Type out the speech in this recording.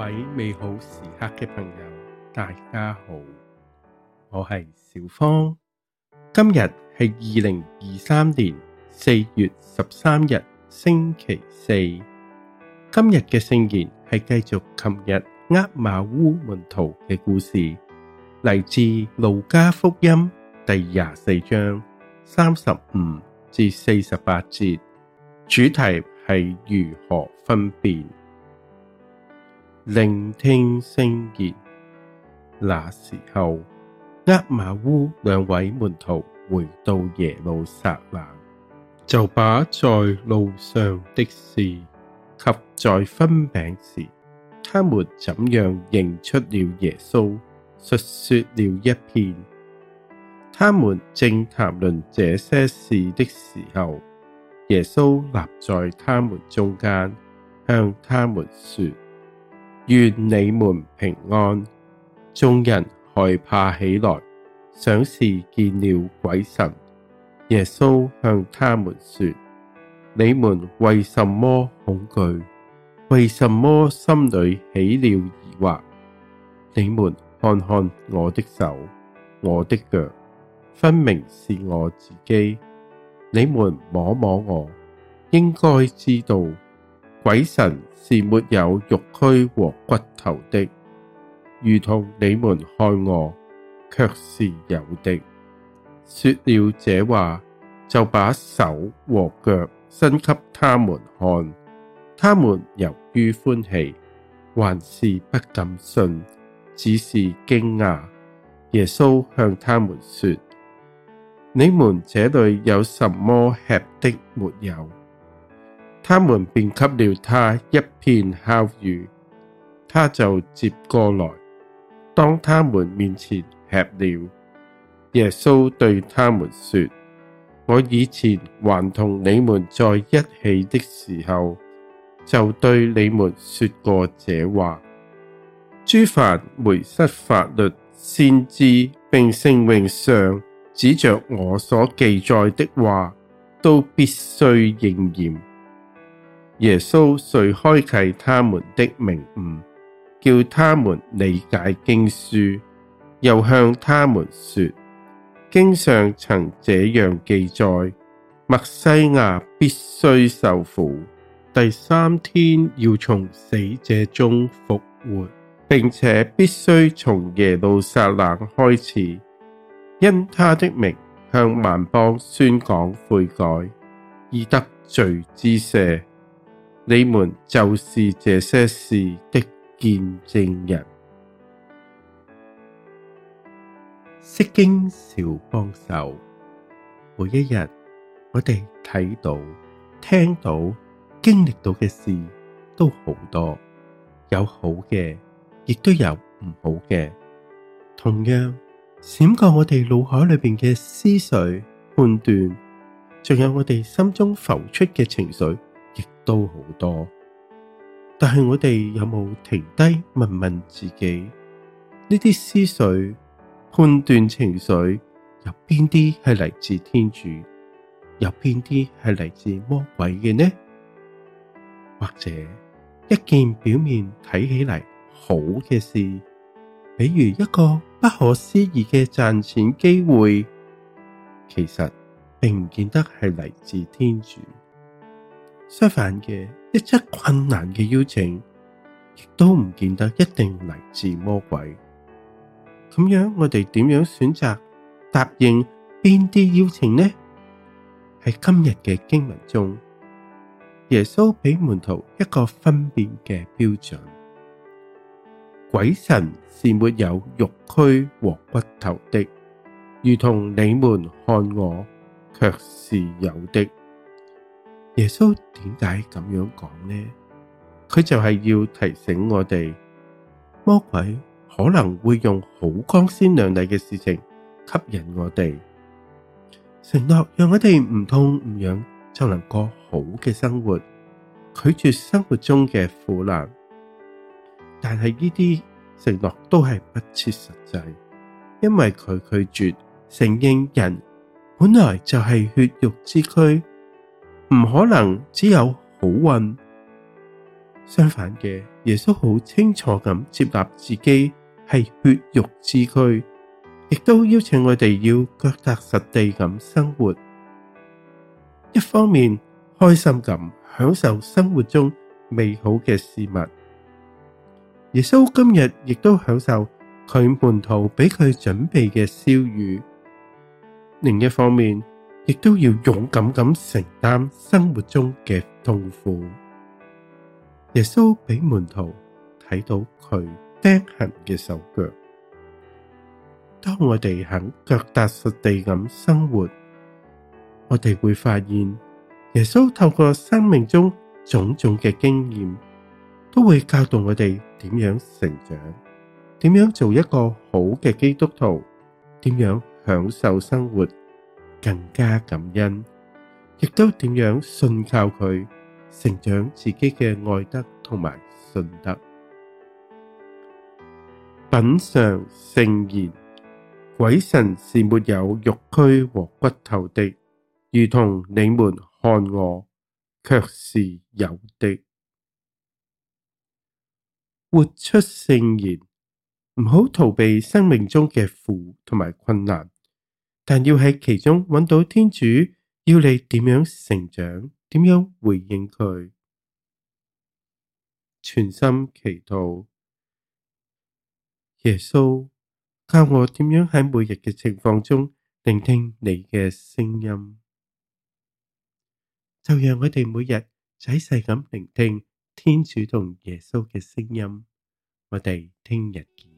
各位美好時刻嘅朋友，大家好，我係小芳。今日係二零二三年四月十三日，星期四。今日嘅聖言係繼續琴日厄瑪烏門徒嘅故事，嚟自路加福音第廿四章三十五至四十八節，主題係如何分辨。聆聽聖言。那時候，厄瑪烏兩位門徒回到耶路撒冷，就把在路上的事及在分餅時，他們怎樣認出了耶穌，述說了一遍。他們正談論這些事的時候，耶穌立在他們中間，向他們說。願你們平安。眾人害怕起來，想是見了鬼神。耶穌向他們說：你們為什麼恐懼？為什麼心裏起了疑惑？你們看看我的手、我的腳，分明是我自己。你們摸摸我，應該知道。鬼神是沒有肉軀和骨頭的，如同你們看我，卻是有的。說了這話，就把手和腳伸給他們看。他們由於歡喜，還是不敢信，只是驚訝。耶穌向他們說：你們這裏有什麼吃的沒有？他們便給了他一片烤魚，他就接過來。當他們面前吃了，耶穌對他們說：我以前還同你們在一起的時候，就對你們說過這話。諸凡梅瑟法律，先知並聖詠上，指着我所記載的話，都必須應驗。耶穌遂開啟他們的明悟，叫他們理解經書，又向他們說：經上曾這樣記載，默西亞必須受苦，第三天要從死者中復活，並且必須從耶路撒冷開始，因他的名向萬邦宣講悔改，以得罪之赦。你們就是這些事的見證人。釋經小幫手，每一日我哋睇到、聽到、經歷到嘅事都好多，有好嘅，亦都有唔好嘅。同樣閃過我哋腦海裏邊嘅思緒、判斷，仲有我哋心中浮出嘅情緒，都好多，但係我哋有冇停低問問自己，呢啲思緒、判斷、情緒，有邊啲係嚟自天主，有邊啲係嚟自魔鬼嘅呢？或者一件表面睇起嚟好嘅事，比如一個不可思議嘅賺錢機會，其實並唔見得係嚟自天主。相反嘅，一則困難嘅邀請，亦都唔見得一定嚟自魔鬼。咁樣我哋點樣選擇答應邊啲邀請呢？喺今日嘅經文中，耶穌俾門徒一個分辨嘅標準：鬼神是沒有肉軀和骨頭的，如同你們看我，卻是有的。耶穌點解咁樣講呢？佢就係要提醒我哋，魔鬼可能會用好光鮮亮麗嘅事情吸引我哋，承諾讓我哋唔痛唔癢就能過好嘅生活，拒絕生活中嘅苦難。但係呢啲承諾都係不切實際，因為佢拒絕承認人本來就係血肉之軀。唔可能只有好運，相反嘅，耶穌好清楚咁接納自己係血肉之軀，亦都邀請我哋要腳踏實地咁生活。一方面開心咁享受生活中美好嘅事物，耶穌今日亦都享受佢門徒俾佢準備嘅烤魚。另一方面，亦都要勇敢咁承擔生活中嘅痛苦。耶穌俾門徒睇到佢釘痕嘅手腳。當我哋肯腳踏實地咁生活，我哋會發現耶穌透過生命中種種嘅經驗，都會教導我哋點樣成長，點樣做一個好嘅基督徒，點樣享受生活。更加感恩，亦都點樣信靠佢，成長自己嘅愛德同埋信德。品嘗聖言，鬼神是沒有肉軀和骨頭的，如同你們看我，卻是有的。活出聖言，唔好逃避生命中嘅苦同埋困難。但要喺其中揾到天主，要你點樣成長，點樣回應佢，全心祈禱。耶穌教我點樣喺每日嘅情況中聆聽你嘅聲音，就讓我哋每日仔細咁聆聽天主同耶穌嘅聲音。我哋聽日見。